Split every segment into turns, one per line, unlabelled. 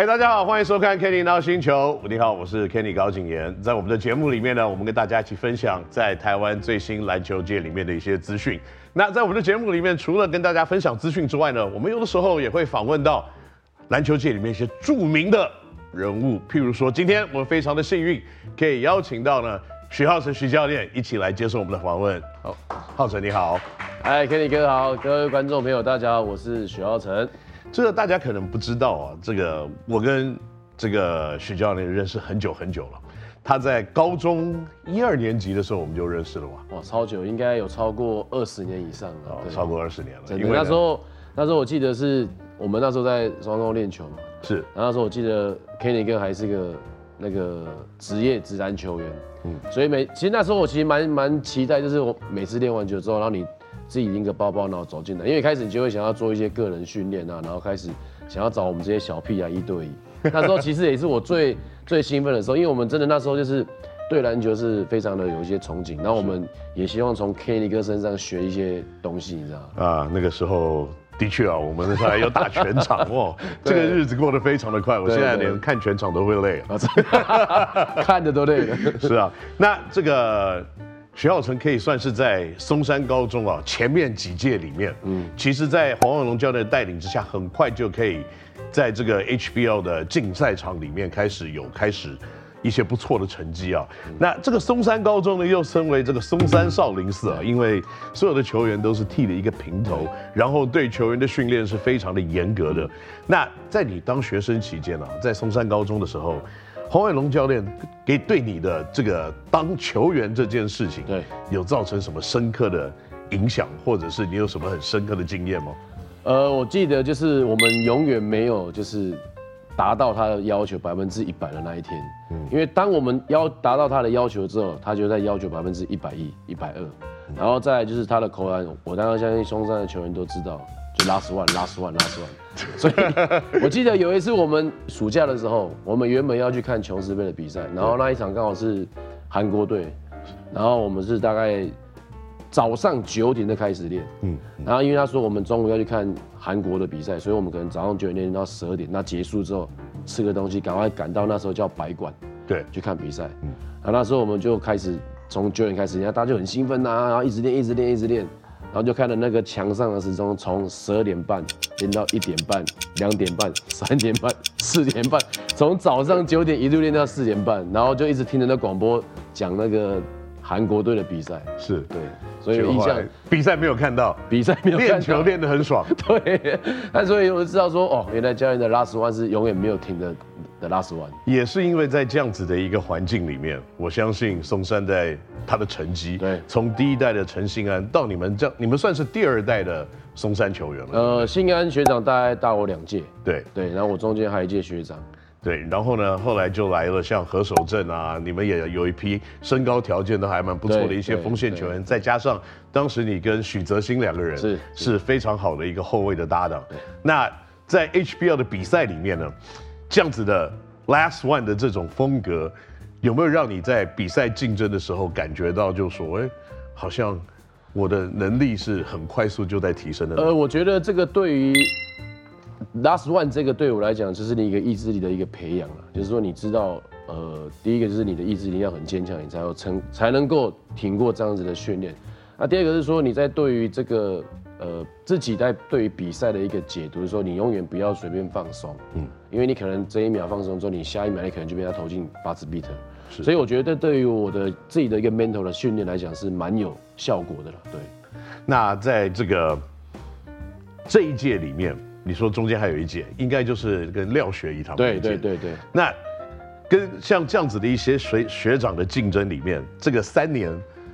嗨，大家好，歡迎收看 Kenny NOW 星球。你好，我是 Kenny 高景炎，在我們的節目裡面呢，我們跟大家一起分享在台灣最新籃球界裡面的一些資訊。那在我們的節目裡面，除了跟大家分享資訊之外呢，我們有的時候也會訪問到籃球界裡面一些著名的人物。譬如說，今天我們非常的幸運，可以邀請到呢許皓程許教練一起來接受我們的訪問。好，皓程你好。哎，Kenny 哥好，各位觀眾朋友，大家好，我是許皓程。這個大家可能不知道啊，這個我跟這個許教練認識很久很久了，他在高中一二年級的時候我們就認識了吧，啊？哇，超久，應該有
超過二十年以上了，哦，對超過二十年了。因為那時候，那時候我記得是我們那時候在雙方練球嘛，是。然後那時候我記得 Kenny 哥還是個那個職業職業球員，嗯，所以每其實那時候我其實蠻蠻期待，就是我每次練完球之後，然後你。自己拎個包包，然後走進來，因為開始你就會想要做一些個人訓練啊，然後開始想要找我們這些小屁啊一對一。那時候其實也是我最 最興奮的時候，因為我們真的那時候就是對籃球是非常的有一些憧憬，那我們也希望從肯尼哥身上學一些東西，你知道
啊，那個時候的確啊，我們後來要打全場 哦，這個日子過得非常的快，我現在連看全場都會累，啊， 看着都累。是啊，那這個。許皓程可以算是在松山高中啊前面幾屆裡面，嗯，其實，在黃萬隆教練帶領之下，很快就可以在這個 HBL 的競賽場裡面開始有開始一些不錯的成績啊、嗯。那這個松山高中呢，又稱為這個松山少林寺啊，因為所有的球員都是剃了一個平頭，然後對球員的訓練是非常的嚴格的。那在你當學生期間啊，在松山高中的時候。黃萬隆教練給對你的這個當球員這件事情，對有造成什麼深刻的
影響，或者是你有什麼很深刻的經驗嗎？呃，我記得就是我們永遠沒有就是達到他的要求百分之一百的那一天，嗯，因為當我們要達到他的要求之後，他就在要求百分之一百一、一百二，然後再就是他的扣籃，我當然相信松山的球員都知道，就 Last one、Last one、Last one。 所以，我記得有一次我們暑假的時候，我們原本要去看瓊斯盃的比賽，然後那一場剛好是韓國隊，然後我們是大概早上九點就開始練，嗯，然後因為他說我們中午要去看韓國的比賽，所以我們可能早上九點練到十二點，那結束之後吃個東西，趕快趕到那時候叫白館，對，去看比賽，嗯，然後那時候我們就開始從九點開始，人家大家就很興奮吶，然後一直練，一直練，一直練。然後就看着那個牆上的時鐘，從十二點半練到一點半、兩點半、三點半、四點半，從早上九點一路練到四點半，然後就一直聽着那廣播講那個韓國隊的比賽。是，對，所以印象
比賽沒有看到，比
賽沒有看到練球，
練得很爽。
對，那所以我就知道說，哦，原來教練的 Last one 是永遠沒有停的。的 Last One
也是因為在這樣子的一個環境裡面，我相信松山在他的成績，對，從第一代的陳信安到你們這樣，你們算是第二代的松山球員
了。呃，信安學長大概大我兩屆，對對，然後我中間還有一屆學長，對，然後呢，後來就來了像何守
正啊，你們也有一批身高條件都還蠻不錯的一些鋒線球員，再加上當時你跟許澤新兩個人是是非常好的一個後衛的搭檔。對。那在 HBL 的比賽裡面呢？這樣子的 Last one 的這種風格，有沒有讓你在比賽競爭的時候感覺到，就說，哎、欸，好像我
的能力是很快速就在提升的？呃，我覺得這個對於 Last one 這個對我來講，就是你一個意志力的一個培養。就是說，你知道，呃，第一個就是你的意志力要很堅強，你才有撐才能夠挺過這樣子的訓練。那、啊、第二個是說，你在對於這個。呃，自己在對於比賽的一個解讀說，你永遠不要隨便放鬆。嗯，因為你可能這一秒放鬆之後，你下一秒你可能就被他投進八尺比特。是，所以我覺得對於我的自己的一個 mental 的訓練來講是蠻有效果的了，對。那在這個這一屆裡面，你說中間還
有一屆，應該就是跟廖學一他們，對對對對。那跟像這樣子的一些學學長的競爭裡面，這個三年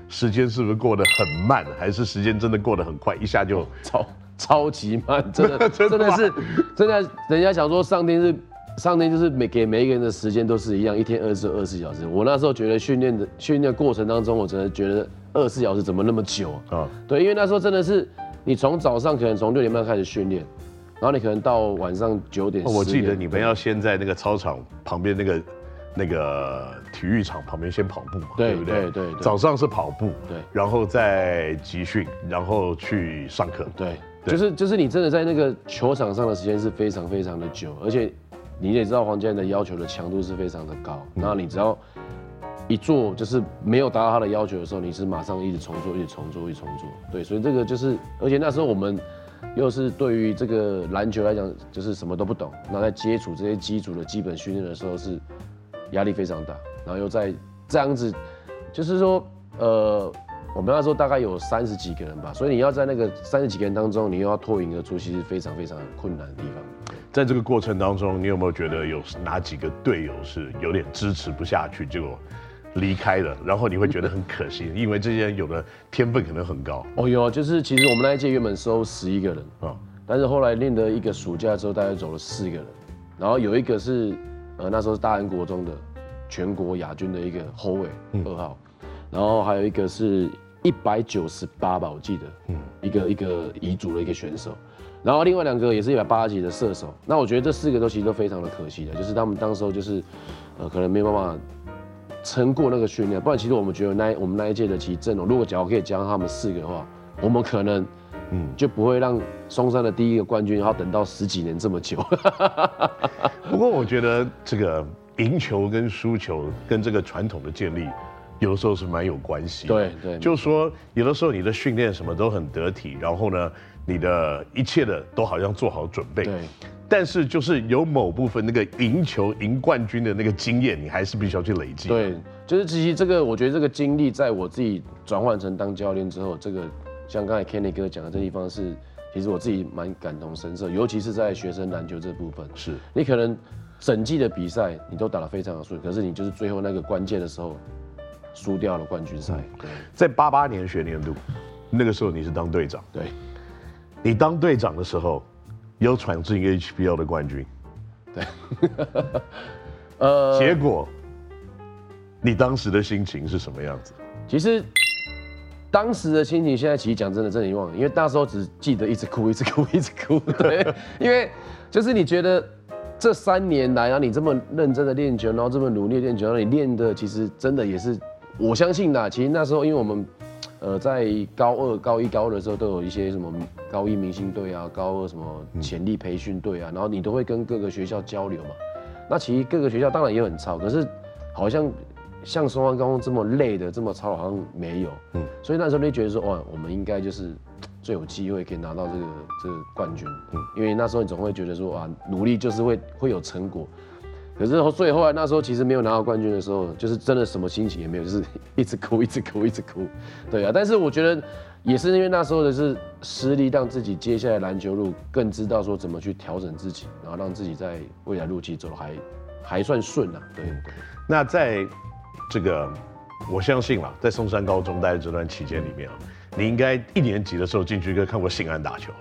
時間是不是過得很慢，還
是時間真的過得很快，一下就超超級慢？真的 真的是真的，人家想說，上天是上天就是每給每一個人的時間都是一樣，一天二十四二十四小時。我那時候覺得訓練的訓練的過程當中，我真的覺得二十四小時怎麼那麼久啊？哦、對，因為那時候真的是你從早上可能從六點半開始訓練，然後你可能到晚上九點、哦。我記得你們要
先在那個操場旁邊那個。那個體育場旁邊先跑步嘛，對，對不對？對，對，對。早上是跑步，對，然後再集
訓，然後去上課，對，對就是就是你真的在那個球場上的時間是非常非常的久，而且你也知道黃教練的要求的強度是非常的高，那、嗯、你只要一做就是沒有達到他的要求的時候，你是馬上一直重做，一直重做，一直重做，對，所以這個就是，而且那時候我們又是對於這個籃球來講就是什麼都不懂，那在接觸這些基礎的基本訓練的時候是。壓力非常大，然後又在這樣子，就是說，呃，我們那時候大概有三十幾個人吧，所以你要在那個三十幾個人當中，你又要脫穎而出，其實非常非常困難的地方。
在這個過程當中，你有沒有覺得有哪幾個隊友是有點支持不下去，就離開了？然後你會覺得很可惜， 因為這些人有的天分可能很高。
哦，有，就是其實我們那一屆原本收十一個人啊，嗯，但是後來練了一個暑假之後，大概走了四個人，然後有一個是。呃，那時候是大安國中的全國亞軍的一個後衛二號，嗯，然後還有一個是一百九十八吧，我記得，嗯、一個一個彝族的一個選手，嗯、然後另外兩個也是一百八十幾的射手。那我覺得這四個都其實都非常的可惜的，就是他們當時候就是呃可能沒辦法撐過那個訓練，不然其實我們覺得那一我們那一屆的其實陣容，如果假如可以加上他們四個的話，我們可能。嗯，就不會讓松山的第一個冠軍要等到十幾年這麼久。 不過我覺得這個贏球跟輸球跟
這個傳統的建立，有的時候是蠻有關係。對對，就是說有的時候你的訓練什麼都很得體，然後呢，你的一切的都好像做好準備。對，但是就是有某部分那個贏球、贏冠軍的那個經驗，你還是必須要去累積。
對，就是其實這個，我覺得這個經歷，在我自己轉換成當教練之後，這個。像剛才 Kenny 哥講的這地方是，其實我自己蠻感同身受，尤其是在學生籃球這部分。是，你可能整季的比賽你都打得非常的順，可是你就是最後那個關鍵的時候，輸掉了冠軍賽。對，嗯、在八八年學年度，那
個時候你是當隊長。對，你當隊長的時候，有闖進 HBL 的冠軍。對， 嗯、結果
你當時的心情是什麼樣子？其實。當時的心情，現在其實講真的，真的忘了，因為那時候只記得一直哭，一直哭，一直哭。一直哭，對， 因為就是你覺得這三年來，啊，你這麼認真的練球，然後這麼努力練球，然後你練的其實真的也是，我相信啦。其實那時候，因為我們，呃，在高二、高一、高二的時候，都有一些什麼高一明星隊啊，高二什麼潛力培訓隊啊、嗯，然後你都會跟各個學校交流嘛。那其實各個學校當然也很吵，可是好像。像松山高中這麼累的這麼操好像沒有，嗯，所以那時候就覺得說，哇，我們應該就是最有機會可以拿到這個這個冠軍，嗯，因為那時候你總會覺得說，哇、啊，努力就是會會有成果。可是後所以後來那時候其實沒有拿到冠軍的時候，就是真的什麼心情也沒有，就是一直哭一直哭一直哭，一直哭，對啊。但是我覺得也是因為那時候的是失利，讓自己接下來籃球路更知道說怎麼去調整自己，然後讓自己在未來路起走還還算順啊。對，嗯、對那在。
這個我相信啦，在嵩山高中待的這段期間裡面啊、嗯，你應該
一年級的時候，進去應該看過信安打球。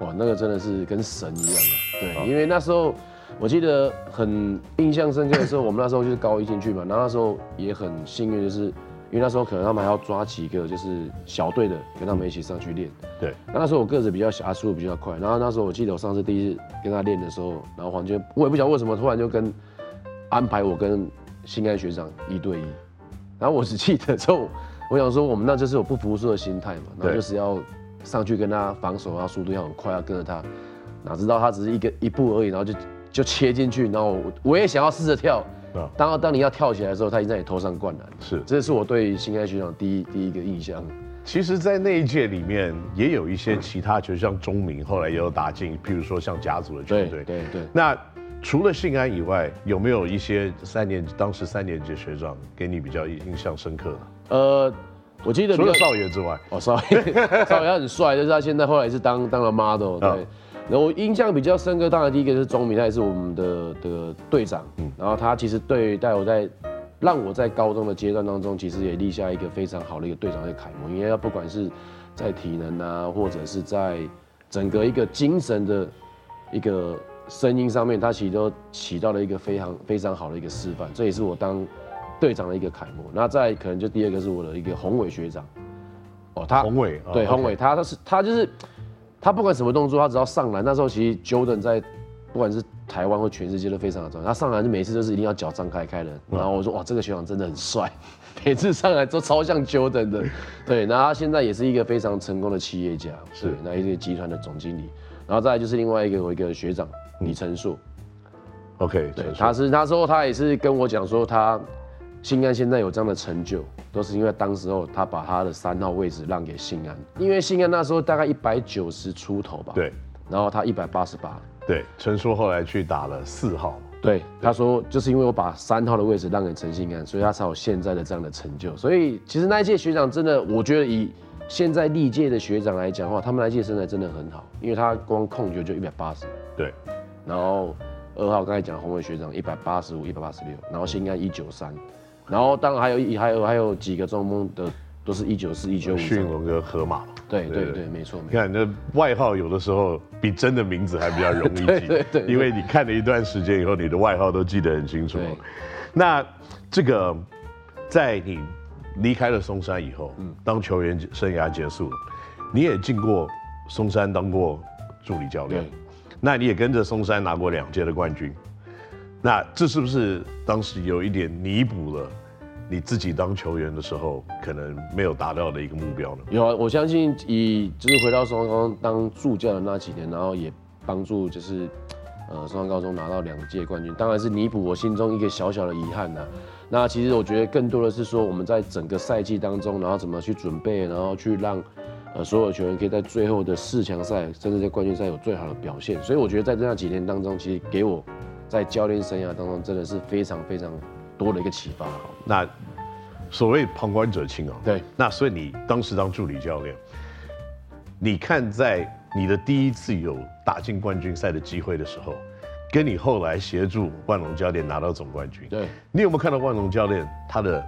哇，那個真的是跟神一樣啊！對啊，因為那時候我記得很印象深刻的時候，我們那時候就是高一進去嘛，然後那時候也很幸運，就是因為那時候可能他們還要抓幾個就是小隊的，跟他們一起上去練。嗯、對，那那時候我個子比較小，速度比較快，然後那時候我記得我上次第一次跟他練的時候，然後黃軍，我也不曉得為什麼突然就跟安排我跟。新安學長一對一，然後我只記得之後，我想說我們那就是有不服輸的心態嘛，然後就是要上去跟他防守，他速度要很快，要跟着他。哪知道他只是一個一步而已，然後就就切進去，然後我也想要試着跳。嗯、當當你要跳起來的時候，他已經在你頭上灌籃。是，這是我對新安學長第一第一個印象。其實，在那一屆裡
面，也有一些其他球，就像鍾明後來也有打進，譬如說像甲組的球隊。對對對，那。除了信安以外，有沒有一些三年當時三年級的學長給你比較印象深刻的啊？呃，我記得除了少爺之外，哦，少
爺，少爺很帥， 就是他現在後來是當當了 model 對。對，哦，然後我印象比較深刻，當然第一個是鐘明，他也是我們的的隊長。嗯，然後他其實對待我在，讓我在高中的階段當中，其實也立下一個非常好的一個隊長的楷模，因為他不管是在體能啊，或者是在整個一個精神的一個。聲音上面，他其實都起到了一個非常非常好的一個示範，這也是我當隊長的一個楷模。那再可能就第二個是我的一個宏偉學長，哦，他宏偉對宏、哦 okay. 偉，他他是他就是他、就是、他不管什麼動作，他只要上籃，那時候其實喬丹在不管是台灣或全世界都非常的重要，他上籃就每次都是一定要腳張開開的。嗯。然後我說，哇，這個學長真的很帥，每次上籃都超像喬丹的。對，那他現在也是一個非常成功的企業家，是那一些集團的總經理。然後再來就是另外一個我一個學長。嗯、你陳述 o、
okay, k 對，
他是他說他也是跟我講說他，信安現在有這樣的成就，都是因為當時候他把他的三號位置讓給信安，因為信安那時候大概一百九十出頭吧，對，然後他一百八十八，對，陳叔後來去打了四號對對，對，他說就是因為我把三號的位置讓給陳信安，所以他才有現在的這樣的成就，所以其實那一屆學長真的，我覺得以現在歷屆的學長來講的話，他們那一屆身材真的很好，因為他光控球就一百八十，對。然後二號剛才講宏偉學長一百八十五一百八十六，186，然後現在一九三，然後當然還有一還有還有幾個中鋒的都是一九四一九五。迅龍跟河馬對
對對，對對對，沒錯。你看這外號有的時候比真的名字還比較容易記， 對，對，對對，因為你看了一段時間以後，你的外號都記得很清楚。對對對對，那這個在你離開了松山以後，嗯、當球員生涯結束，你也進過松山當過助理教練。那你也跟着松山拿過兩屆的冠軍，那這是不是當時有一點彌補了你自己當球員的時候可能沒有達到的一個目標
呢？有啊，我相信以就是回到松山高中當助教的那幾年，然後也幫助就是呃松山高中拿到兩屆冠軍，當然是彌補我心中一個小小的遺憾了啊。那其實我覺得更多的是說我們在整個賽季當中，然後怎麼去準備，然後去讓。呃，所有球員可以在最後的四強賽，甚至在冠軍賽有最好的表現。所以我覺得在這樣幾天當中，其實給我在教練生涯當中真的是非常非常多的一個啟發。那
所謂旁觀者清啊、喔，對。那所以你當時當助理教練，你看在你的第一次有打進冠軍賽的機會的時候，跟你後來協助萬隆教練拿到總冠軍，對，你有沒有看到萬隆教練他的？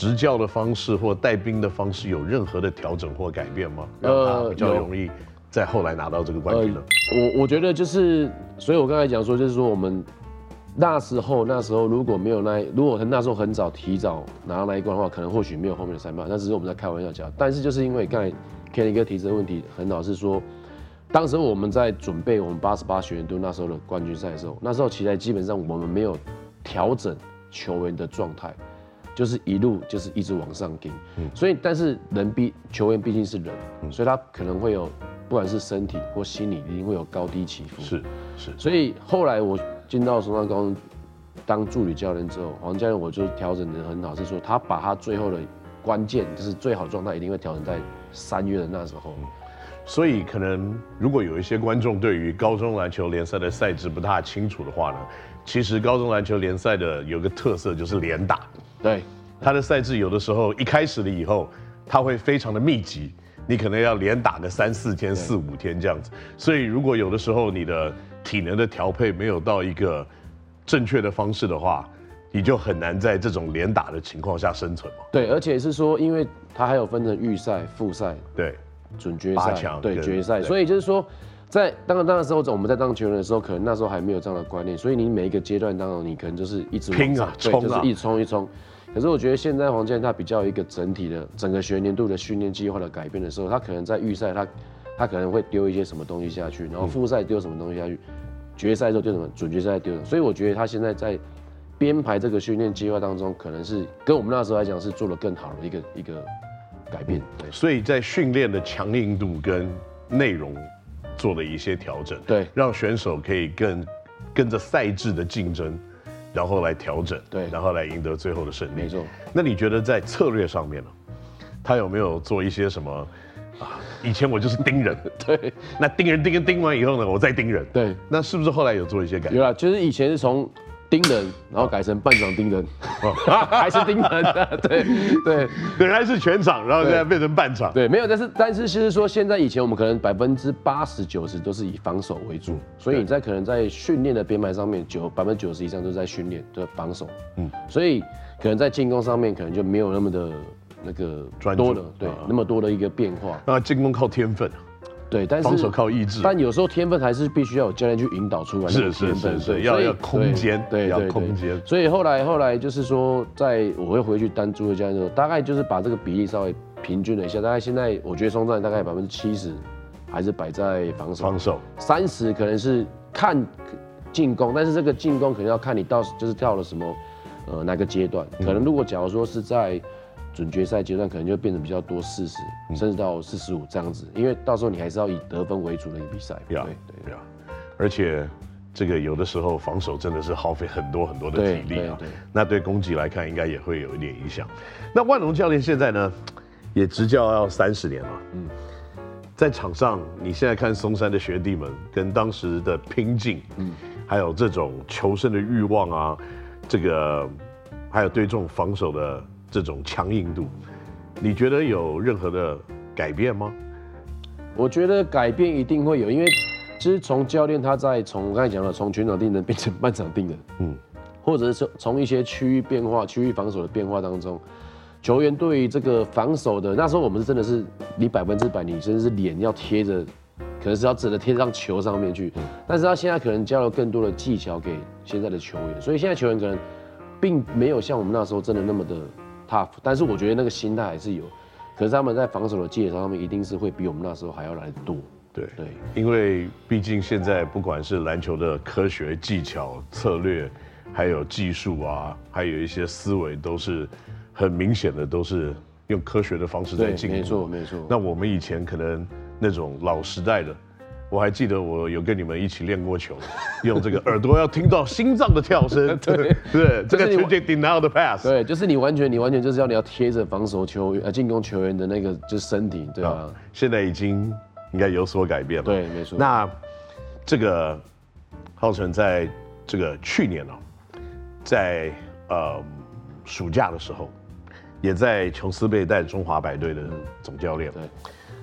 執教的方式或帶兵的方式有任何的調整或改變嗎？讓他比較容
易在後來拿到這個冠軍的、呃呃。我我覺得就是，所以我剛才講說，就是說我們那時候那時候如果沒有那一，如果那時候很早提早拿到那一關的話，可能或許沒有後面的三敗。那只是我們在開玩笑講。但是就是因為剛才 Kenny 哥提這個問題，很老實說，當時我們在準備我們八十八學年度那時候的冠軍賽的時候，那時候其實基本上我們沒有調整球員的狀態。就是一路就是一直往上頂、嗯，所以但是人畢球員畢竟是人，所以他可能會有不管是身體或心理一定會有高低起伏。是是，所以後來我進到松山高中當助理教練之後，黃教練我就調整得，很好，是說他把他最後的關鍵就是最好狀態一定會調整在三月的那時候、嗯。所以可能如果有一些觀眾對於高中籃球聯
賽的賽制不大清楚的話呢？其實高中籃球聯賽的有個特色就是連打，對，它的賽制有的時候一開始了以後，它會非常的密集，你可能要連打個三四天、四五天這樣子。所以如果有的時候你的體能的調配沒有到一個正確的方式的話，你就很難在這
種連打的情況下生存嘛。對，而且是說，因為它還有分成預賽、複賽、對，準決賽、對、決賽，所以就是說。在當當的時候，我們在當球員的時候，可能那時候還沒有這樣的觀念，所以你每一個階段當中，你可能就是一直拼啊，對，就是一衝一衝。可是我覺得現在黃健他比較一個整體的整個學年度的訓練計劃的改變的時候，他可能在預賽他他可能會丟一些什麼東西下去，然後複賽丟什麼東西下去，嗯、決賽之後丟什麼，準決賽丟什麼。所以我覺得他現在在編排這個訓練計劃當中，可能是跟我們那時候來講是做了更好的一個一個改變。對，所以在訓
練的強硬度跟內容。做了一些調整，對，讓選手可以更跟着賽制的競爭，然後來調整，對，然後來贏得最後的勝利。沒錯。那你覺得在策略上面呢，他有沒有做一些什麼啊？以前我就是盯人， 對。那盯人盯跟盯完以後呢，我再盯人，對。那
是不是後來有做一些改變？有啊，就是以前是從。盯人，然後改成半場盯人， 還是盯人的，對對，原來是全場，然後現在變成半場。對，對沒有，但是但是其實說，現在以前我們可能百分之八十九十都是以防守為主，嗯、所以你在可能在訓練的編排上面，九百分之九十以上都在訓練的防守。嗯，所以可能在進攻上面，可能就沒有那麼的那個多了，對啊啊，那麼多的一個變化。
那進攻靠天分。
對，但是防守靠意志，但有時候天分還是必須要有教練去引導出來。是是是是，要要空間，要空間。所以後來後來就是說，在我會回去單租的教練的時候，大概就是把這個比例稍微平均了一下，大概現在我覺得松山大概百分之七十還是擺在防守，防守三十可能是看進攻，但是這個進攻可能要看你到就是跳了什麼呃，哪個階段，可能如果假如說是在。嗯準決賽階段可能就變得比較多四十，甚至到四十五這樣子，因為到時候你還是要以得分為主的一個比賽。Yeah, 對,對對對而
且這個有的時候防守真的是耗費很多很多的體力對,對,對那對攻擊來看，應該也會有一點影響。那萬隆教練現在呢，也執教要三十年嘛。嗯，在場上你現在看松山的學弟們跟當時的拼勁，嗯，還有這種求勝的欲望啊，這個還有對這種防守的。這種強硬度，你覺得有任何的改變
嗎？我覺得改變一定會有，因為其實從教練他在從我剛才講的從全場盯人變成半場盯人，嗯，或者是說從一些區域變化、區域防守的變化當中，球員對於這個防守的那時候我們真的是你百分之百，你甚至是臉要貼着，可能是要真的貼上球上面去，嗯。但是他現在可能教了更多的技巧給現在的球員，所以現在球員可能並沒有像我們那時候真的那麼的。Tough, 但是我覺得那個心態還是有。可是他們在防守的基礎上，他們一定是會比我們那時候還要來得多。對對，因為畢竟現在不管是籃
球的科學、技巧、策略，還有技術啊，還有一些思維，都是很明顯的，都是用科學的方式在進步。沒錯沒錯。那我們以前可能那種老時代的。我還記得我有跟你們一起練過球，
用這個耳朵要聽到心臟的跳聲， 對， 對是是，就是，這個直接 deny the pass，對，就是你完全你完全就是要你要貼着防守球員呃進攻球員的那個就是身體，對吧，啊、現在已經應該有所改變了，對，沒錯。那這個
皓程在這個去年呢，喔，在呃暑假的時候，也在瓊斯盃帶中華白隊的總教練，對，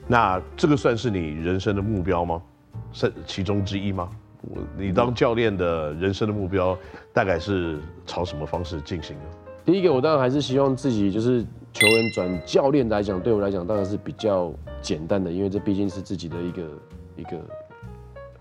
那這個算是你人生的目標嗎？是其中之一嗎？我你當教練的人生的目標大概是朝什麼方式進行呢？第一個，
我當然還是希望自己就是球員轉教練來講，對我來講當然是比較簡單的，因為這畢竟是自己的一個一個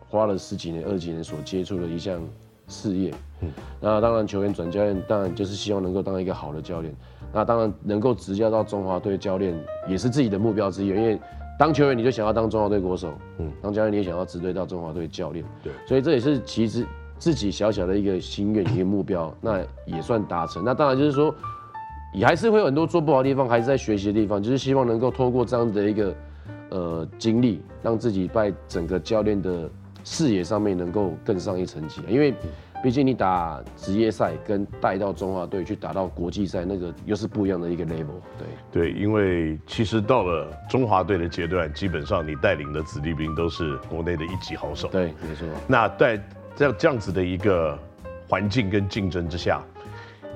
花了十幾年、二十幾年所接觸的一項事業。嗯。那當然球員轉教練，當然就是希望能夠當一個好的教練。那當然能夠執教到中華隊教練也是自己的目標之一，因為。當球員，你就想要當中華隊國手；嗯，當教練，你也想要直對到中華隊教練。對，所以這也是其實自己小小的一個心願，一個目標，那也算達成。那當然就是說，也還是會有很多做不好的地方，還是在學習的地方，就是希望能夠透過這樣子的一個呃經歷，讓自己在整個教練的視野上面能夠更上一層級，因為。畢竟你打職業賽跟帶到中華隊去打到國際賽那個又是不一樣的一個 level 對。對對，因為其實到了中華隊的階
段，基本上你帶領的子弟兵都是國內的一級好手。對，沒錯。那在這樣這樣子的一個環境跟競爭之下，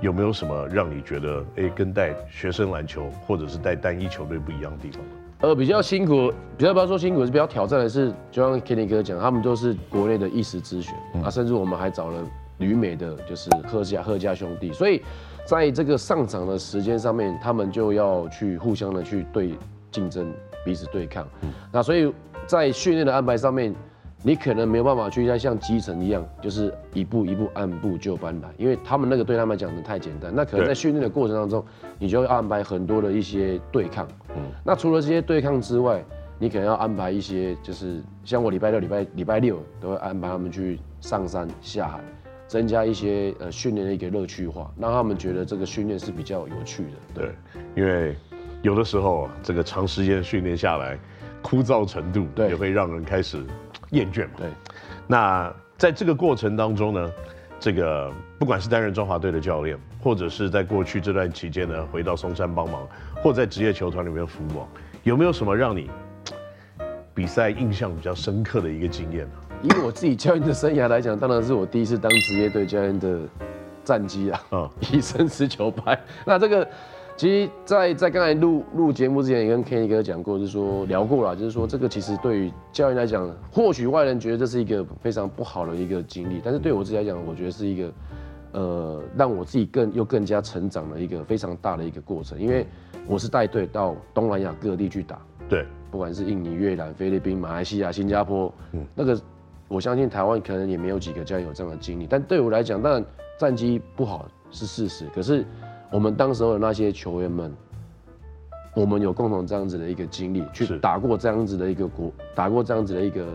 有沒有什麼讓你
覺得哎、欸，跟帶學生籃球或者是帶單一球隊不一樣的地方？呃，比較辛苦，比較不要說辛苦，是比較挑戰的是，就像 Kenny 哥講，他們都是國內的一時之選、嗯、啊，甚至我們還找了旅美的，就是賀家賀家兄弟，所以在這個上場的時間上面，他們就要去互相的去對競爭，彼此對抗，嗯、那所以在訓練的安排上面。你可能沒有辦法去再像基層一樣，就是一步一步按部就班來。因為他們那個對他們來講的太簡單。那可能在訓練的過程當中，你就要安排很多的一些對抗。嗯。那除了這些對抗之外，你可能要安排一些，就是像我禮拜六、禮拜禮拜六都會安排他們去上山下海，增加一些呃訓練的一個樂趣化，讓他們覺得這個訓練是比較有趣的。對，
對因為有的時候這個長時間訓練下來，枯燥程度也會讓人開始。厭倦嘛？對。那在這個過程當中呢，這個不管是擔任中華隊的教練，或者是在過去這段期間呢，回到松山幫忙，或在職業球團裡面服務，啊，有沒有什麼讓你
比賽印象比較深刻的一個經驗呢，啊？以我自己教練的生涯來講，當然是我第一次當職業隊教練的戰績啊，以、嗯、生死球排。那這個。其實在，在在剛才錄錄節目之前，也跟 Kenny 哥講過，就是說聊過了，就是說這個其實對於教練來講，或許外人覺得這是一個非常不好的一個經歷，但是對我自己來講，我覺得是一個，呃，讓我自己更又更加成長的一個非常大的一個過程。因為我是帶隊到東南亞各地去打，對，不管是印尼、越南、菲律賓、馬來西亞、新加坡，嗯，那個我相信台灣可能也沒有幾個教練有這樣的經歷，但對我來講，當然戰績不好是事實，可是。我們當時候的那些球員們，我們有共同這樣子的一個經歷，去打過這樣子的一個國，打過這樣子的一個、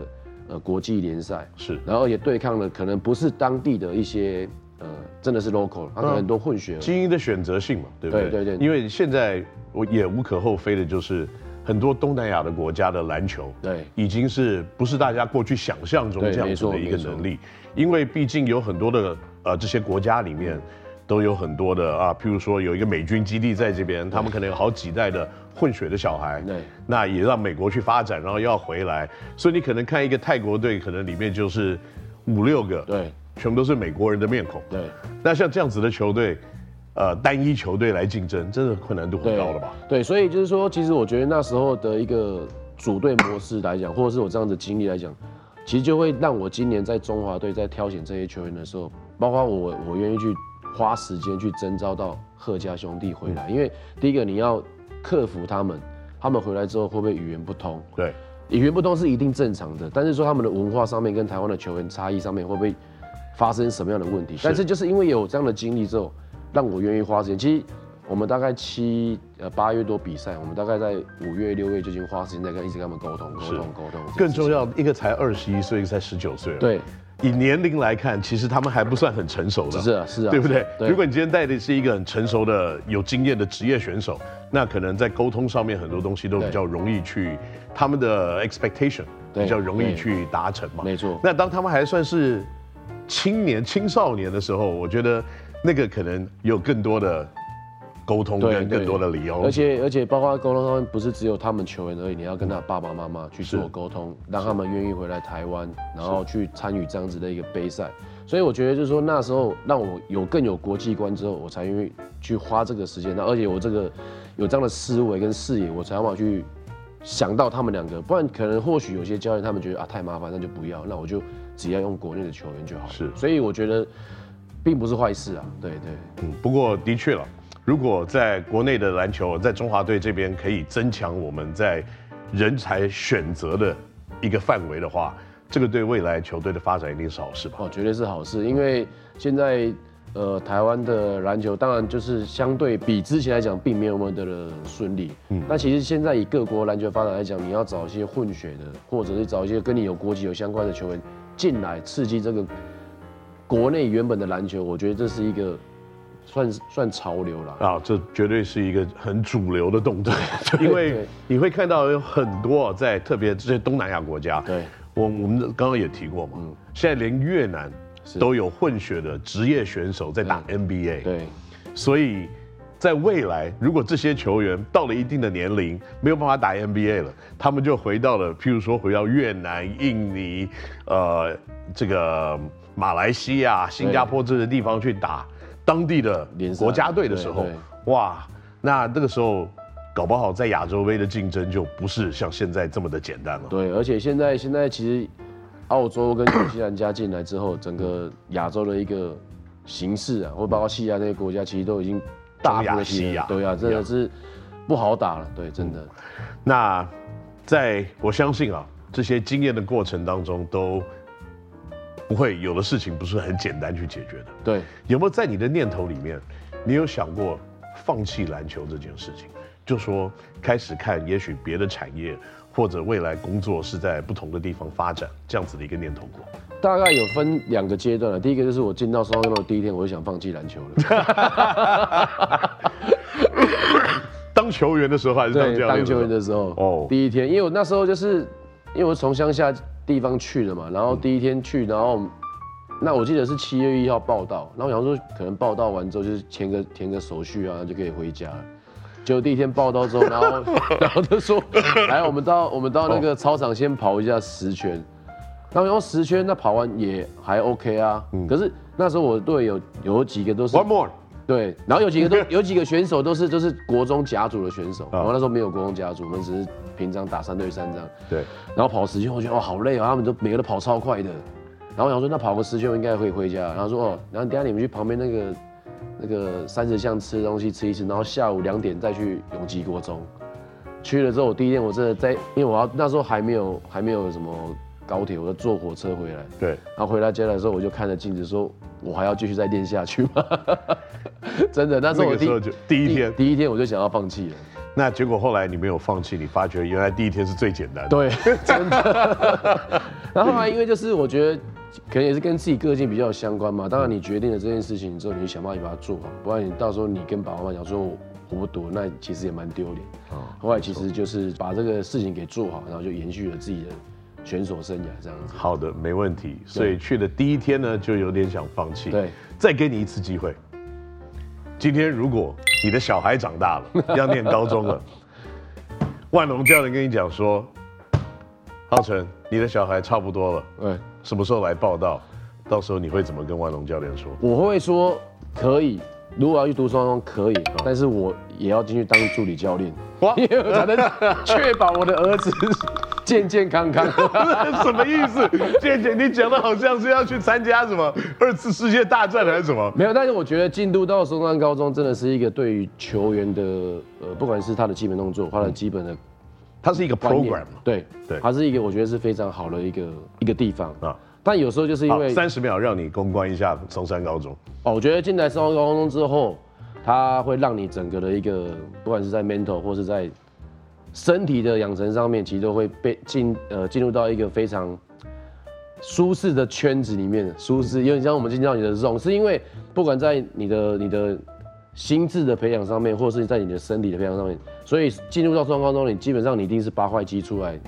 呃、國際聯賽，是，然後也對抗了可能不是當地的一些、呃、真的是 local，很多混血、嗯，精英的選擇
性嘛，對不對？對對對，對，因為現在我也無可厚非的就是，很多東南亞的國家的籃球，對，已經是不是大家過去想象中這樣子的一個能力，因為畢竟有很多的呃這些國家裡面。嗯都有很多的啊，譬如說有一個美軍基地在這邊，他們可能有好幾代的混血的小孩，對，那也讓美國去發展，然後又要回來，所以你可能看一個泰國隊，可能裡面就是五六個，對，全部都是美國人的面孔，對，那像這樣子的球隊，呃，單一球
隊來競爭，真的困難度很高了吧？對，對，所以就是說，其實我覺得那時候的一個組隊模式來講，或者是我這樣的經歷來講，其實就會讓我今年在中華隊在挑選這些球員的時候，包括我，我願意去。花時間去徵召到賀家兄弟回來，嗯，因為第一個你要克服他們，他們回來之後會不會語言不通？對，語言不通是一定正常的，但是說他們的文化上面跟台灣的球員差異上面會不會發生什麼樣的問題？是，但是就是因為有這樣的經歷之後，讓我願意花時間。其實我們大概七，呃，八月多比賽，我們大概在五月六月就已經花時間在跟一直跟他們溝通溝通溝通。
更重要，一個才二十一歲，一個才十九歲了，對。以年齡來看，其實他們還不算很成熟了，是啊，是啊，對不對？啊、對，如果你今天帶的是一個很成熟的、有經驗的職業選手，那可能在溝通上面很多東西都比較容易去，他們的 expectation 比較容易去達成嘛。沒錯。那當他們還算是青年、青少年的時候，我覺得那個可能有更多的。溝通跟更多的理由對對對，而
且而且包括溝通上面，不是只有他們球員而已，你要跟他爸爸媽媽去做溝通，嗯，讓他們願意回來台灣，然後去參與這樣子的一個盃賽。所以我覺得就是說那時候讓我有更有國際觀之後，我才願意去花這個時間。那而且我這個有這樣的思維跟視野，我才好去想到他們兩個。不然可能或許有些教練他們覺得啊太麻煩，那就不要，那我就只要用國內的球員就好。是，所以我覺得並不是壞事啊。對，對對，嗯，不過的確了。
如果在國內的籃球，在中華隊這邊可以增強我們在人才
選擇的一個範圍的話，這個對未來球隊的發展一定是好事吧？哦，絕對是好事。因為現在呃，台灣的籃球當然就是相對比之前來講，並沒有那麼的順利。嗯，那其實現在以各國籃球發展來講，你要找一些混血的，或者是找一些跟你有國籍有相關的球員進來，刺激這個國內原本的籃球，我覺得這是一個。算算潮流了啊、哦！
這絕對是一個很主流的動作，
因為你會看到有很多
在特別這些東南亞國家。對，我、嗯、我們剛剛也提過嘛、嗯，現在連越南都有混血的職業選手在打 NBA。對，所以在未來，如果這些球員到了一定的年齡沒有辦法打 NBA 了，他們就回到了，譬如說回到越南、印尼、呃這個馬來西亞、新加坡這些地方去打。當地的國家隊的時候，對對對，哇，那那個時候搞不好在亞洲盃的競爭就不是像現在這
麼的簡單了。對，而且現在現在其實，澳洲跟紐西蘭加進來之後，整個亞洲的一個形勢啊，或包括西亞那些國家，其實都已經西亞大亞西亞，對啊，真的是不好打了。對，真的。嗯，那在
我相信啊，這些經驗的過程當中都。會有的事情不是很簡單去解決的。對，有沒有在你的念頭裡面，你有想過放棄籃球這件事情？就說開始看，也許別的產業或者未來工作是在不同的地方發展，這樣子的一個念頭過？大概有分兩個
階段了。第一個就是我進到雙龍的第一天，我就想放棄籃球了。 當球員的時候還是當教練的時候？對，當球員的時候，哦，第一天，因為我那時候就是，因為我從鄉下。地方去了嘛，然後第一天去，嗯、然後那我記得是七月一號報到，然後想說可能報到完之後就是簽個填個手續啊就可以回家了，結果第一天報到之後，然後 然後他說，來、哎、我們到我們到那個操場先跑一下十圈，然後、哦、十圈那跑完也還 OK 啊，嗯、可是那時候我隊有有幾個都是。One more. 對，然後有幾個都有幾個選手都是就是國中甲組的選手、啊，然後那時候沒有國中甲組，我們只是平常打三對三這樣。對，然後跑十圈，我覺得哇好累啊、哦，他們都每個都跑超快的，然後我想說那跑個十圈我應該可以回家，然後說哦，然後等下你們去旁邊那個那個三十巷吃的東西吃一吃，然後下午兩點再去永吉國中。去了之後，第一天我真的在，因為我要那時候還沒有還沒有什麼高鐵，我要坐火車回來。對，然後回到家來的時候，我就看着鏡子說，我還要繼續再練下去嗎？ 真的，那時候，我第、那個、時候就
第一天，第，第一天我就想要放棄了。那結果後來你沒有放棄，你發覺原來第一天是最簡
單的。對，真的。 然後後來因為就是我覺得可能也是跟自己個性比較相關嘛。當然你決定了這件事情之後，你就想辦法把它做好，不然你到時候你跟爸爸媽媽講說我，我不讀，那其實也蠻丟臉。哦、嗯。後來其實就是把這個事情給做好，然後就延續了自己的選手生涯這樣子。好的，沒問題。所以
去的第一天呢，就有點想放棄。對，再給你一次機會。今天如果你的小孩長大了要念高中了， 萬隆教練跟你講說，皓程，你的小孩差不多了，對、欸，什麼時候來報到？到時候
你會怎麼跟萬隆教練說？我會說可以，如果要去讀雙中可以、哦，但是我也要進去當助理教練，哇因為我才能確保我的兒子。健健康康 什麼意思？健健，你講的好像是要去參加什麼二次世界大戰還是什麼？沒有，但是我覺得進度到松山高中真的是一個對於球員的、呃、不管是他的基本動作，他的基本的，它是一個 program 對對，它是一個我覺得是非常好的一個一個地方啊。但有時候就是因為三十秒讓你公關一下松山高中哦，我覺得進來松山高中之後，它會讓你整個的一個，不管是在 mental 或是在。身體的養成上面，其實都會被進呃進入到一個非常舒適的圈子裡面，舒適。因為你像我們進到你的這種，是因為不管在你的你的心智的培養上面，或者是在你的身體的培養上面，所以進入到狀況中，你基本上你一定是八塊肌出來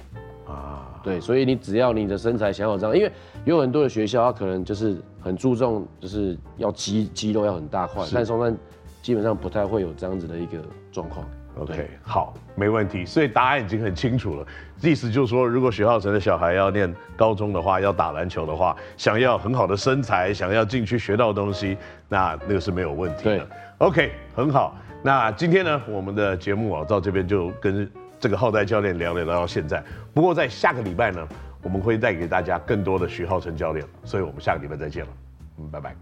啊。對，所以你只要你的身材想要這樣，因為有很多的學校，他可能就是很注重，就是要肌肌肉要很大塊，是但松山基本上不太會有這樣子的一個狀況。OK，、嗯、好，
沒問題，所以答案已經很清楚了。意思就是說，如果許皓程的小孩要念高中的話，要打籃球的話，想要很好的身材，想要進去學到東西，那那個是沒有問題的。OK，很好。那今天呢，我們的節目啊，到這邊就跟這個浩代教練聊聊到現在。不過在下個禮拜呢，我們會帶給大家更多的許皓程教練，所以我們下個禮拜再見了，拜拜。